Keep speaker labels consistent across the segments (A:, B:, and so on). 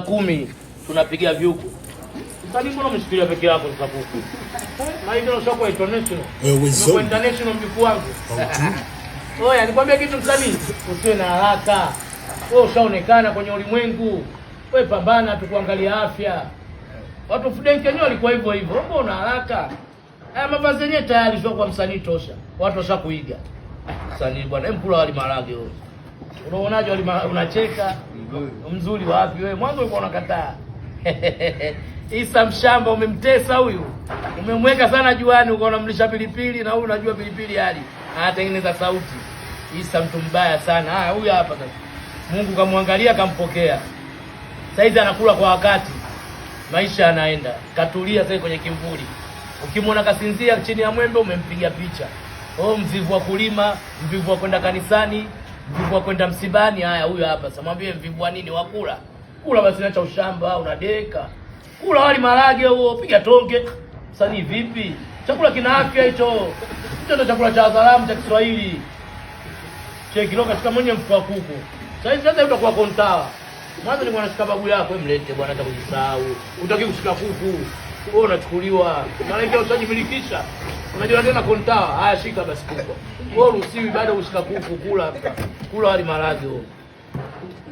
A: kumi tunapiga vyuku sasa, peke yako nikwambia kitu msanii, usiwe na haraka wewe, ushaonekana kwenye ulimwengu wewe, pambana tukuangalia afya. Watu Fudenki wenyewe walikuwa hivyo hivyo, una haraka. Haya mavazi yenyewe tayari sio kwa msanii tosha, watu washakuiga msanii bwana. wali wewe, unaonaje? Wali unacheka mzuri wapi wewe? Mwanzo ulikuwa unakataa. Isa mshamba, umemtesa huyu, umemweka sana juani, uko unamlisha pilipili na huyu unajua pilipili hali anatengeneza sauti. Isa mtu mbaya sana. Ah, huyu hapa sasa, Mungu kamwangalia, kampokea. Saizi anakula kwa wakati, maisha yanaenda, katulia sasa kwenye kimvuli. Ukimwona kasinzia chini ya mwembe, umempiga picha. Oh, mvivu wa kulima, mvivu wa kwenda kanisani. Mvibua kwenda msibani, haya huyo hapa sasa. Mwambie mvibua nini, wakula kula basi, acha ushamba, unadeka kula wali marage, huo piga tonge. Msanii vipi? Chakula kina afya hicho, hicho ndio chakula cha salamu cha Kiswahili. Cheki leo katika mwenye mfuko wa kuku sasa hivi, sasa utakuwa kontawa mwanzo ni mwanashika babu yako, mlete bwana, hata kujisahau utaki kushika kuku wewe, unachukuliwa Malaika hiyo, utajimilikisha Unajua tena kontawa, haya shika basi kubwa. Wewe usiwi bado ushika kuku kula hapa. kula wali maradhi wewe.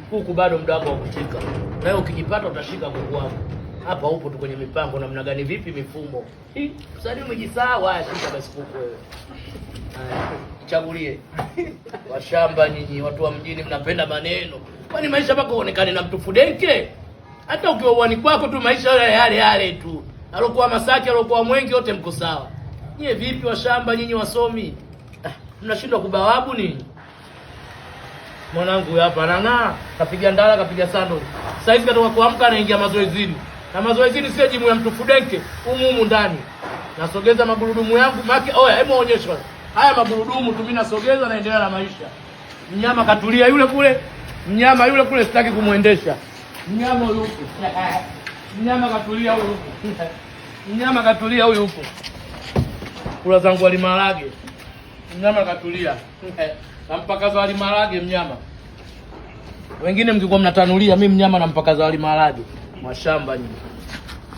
A: Kuku bado muda wako ukushika. Na wewe ukijipata utashika kuku wako. Hapa upo tu kwenye mipango namna gani vipi mifumo. Usadi umejisahau, haya shika basi kuku wewe. Haya. Chagulie. Washamba nyinyi, watu wa mjini mnapenda maneno. Kwani maisha yako uonekane na mtu fudenke? Hata ukiwa uani kwako tu maisha yale yale tu. Alokuwa Masaki, alokuwa Mwenge, wote mko sawa. Nyie vipi washamba nyinyi wasomi? Ah, mnashindwa kubawabu nini? Mwanangu hapa nana kapiga ndala kapiga sando. Sasa hivi katoka kuamka anaingia mazoezini. Na mazoezini sio jimu ya mtu fudenke humu humu ndani. Nasogeza magurudumu yangu maki. Oya, hebu onyeshwa. Haya magurudumu tu mimi nasogeza naendelea na maisha. Mnyama katulia yule kule. Mnyama yule kule sitaki kumuendesha. Mnyama huyu huko. Mnyama katulia huko. Mnyama katulia huyo. huko kula zangu wali marage, mnyama katulia. Eh, nampakaza wali marage mnyama. Wengine mkikuwa mnatanulia, mi mnyama nampakaza wali marage. Mashamba nyinyi,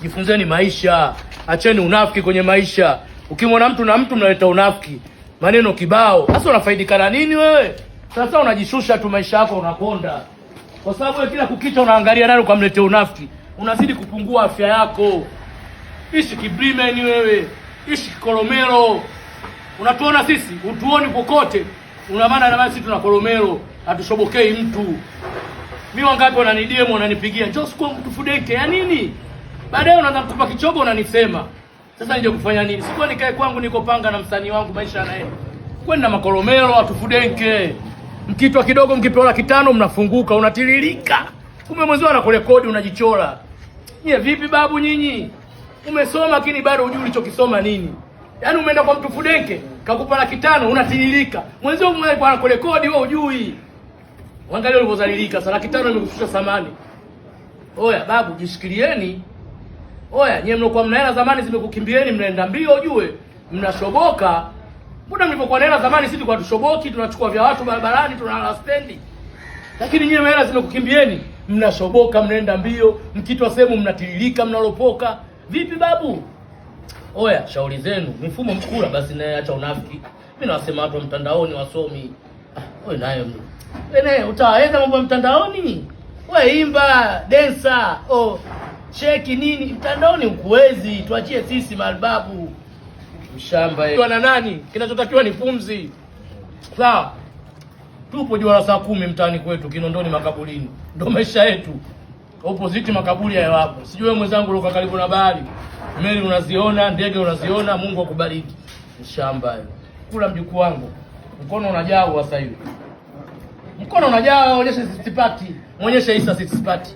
A: jifunzeni maisha, acheni unafiki kwenye maisha. Ukimwona mtu na mtu mnaleta unafiki, maneno kibao. Sasa unafaidika na nini wewe? Sasa unajishusha tu, maisha yako unakonda, kwa sababu kila kukicha unaangalia nani ukamletea unafiki, unazidi kupungua afya yako. Ishi kibrimeni wewe ishi Kolomero. Unatuona sisi, utuoni kokote, una maana na sisi tuna Kolomero, hatushobokei mtu. Mimi wangapi wanani wananidiemu wananipigia Jos kwa mtu fudeke ya nini? Baadaye unaanza kutupa kichogo unanisema. Sasa nje kufanya nini? Sikuwa nikae kwangu niko panga na msanii wangu maisha na yeye. Kwenda makolomero atufudenke. Mkitwa kidogo mkipewa laki tano mnafunguka unatiririka. Kumbe mwenzio anakurekodi unajichora. Nye vipi babu nyinyi? umesoma lakini bado hujui ulichokisoma nini. Yaani umeenda kwa mtu fudenke kakupa laki tano unatiririka. Mwenzio mmoja kwa anakurekodi wewe hujui. Angalia ulivyozalilika sasa laki tano imekushusha samani. Oya babu jishikilieni. Oya nyie mlikuwa mna hela zamani zimekukimbieni mnaenda mbio ujue. Mnashoboka. Muda mlipokuwa na hela zamani sisi tulikuwa tushoboki tunachukua vya watu barabarani tunalala stendi. Lakini nyie hela zimekukimbieni mnashoboka mnaenda mbio mkitwa sehemu mnatiririka mnalopoka. Vipi babu? Oya, shauri zenu, mfumo mkula basi naye acha unafiki. Mimi nawasema watu wa mtandaoni wasomi. Ah, wewe naye mimi. Wewe naye utaweza mambo ya mtandaoni? Wewe imba, densa, oh, cheki nini? Mtandaoni ukuwezi, tuachie sisi malbabu. Mshamba yeye. Wana nani? Kinachotakiwa ni pumzi. Sawa. Tupo jua la saa kumi mtaani kwetu Kinondoni makaburini. Ndio maisha yetu opposite makaburi hayo hapo. Sijui wewe mwenzangu uko karibu na bahari, meli unaziona, ndege unaziona. Mungu akubariki shamba hiyo. Kula mjukuu wangu, mkono unajaa sasa hivi, mkono unajaa. Onyesha sitipati, Mwonyeshe Isa sitipati,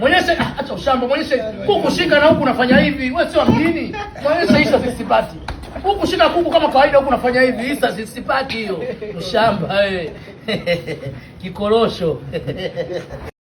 A: Mwonyeshe ah, acha ushamba, mwonyeshe kuku shika, na huku unafanya hivi. Wewe sio mjini, Mwonyeshe Isa sitipati huku shika kuku kama kawaida, huku unafanya hivi. Isa sitipati hiyo, mshamba wewe kikorosho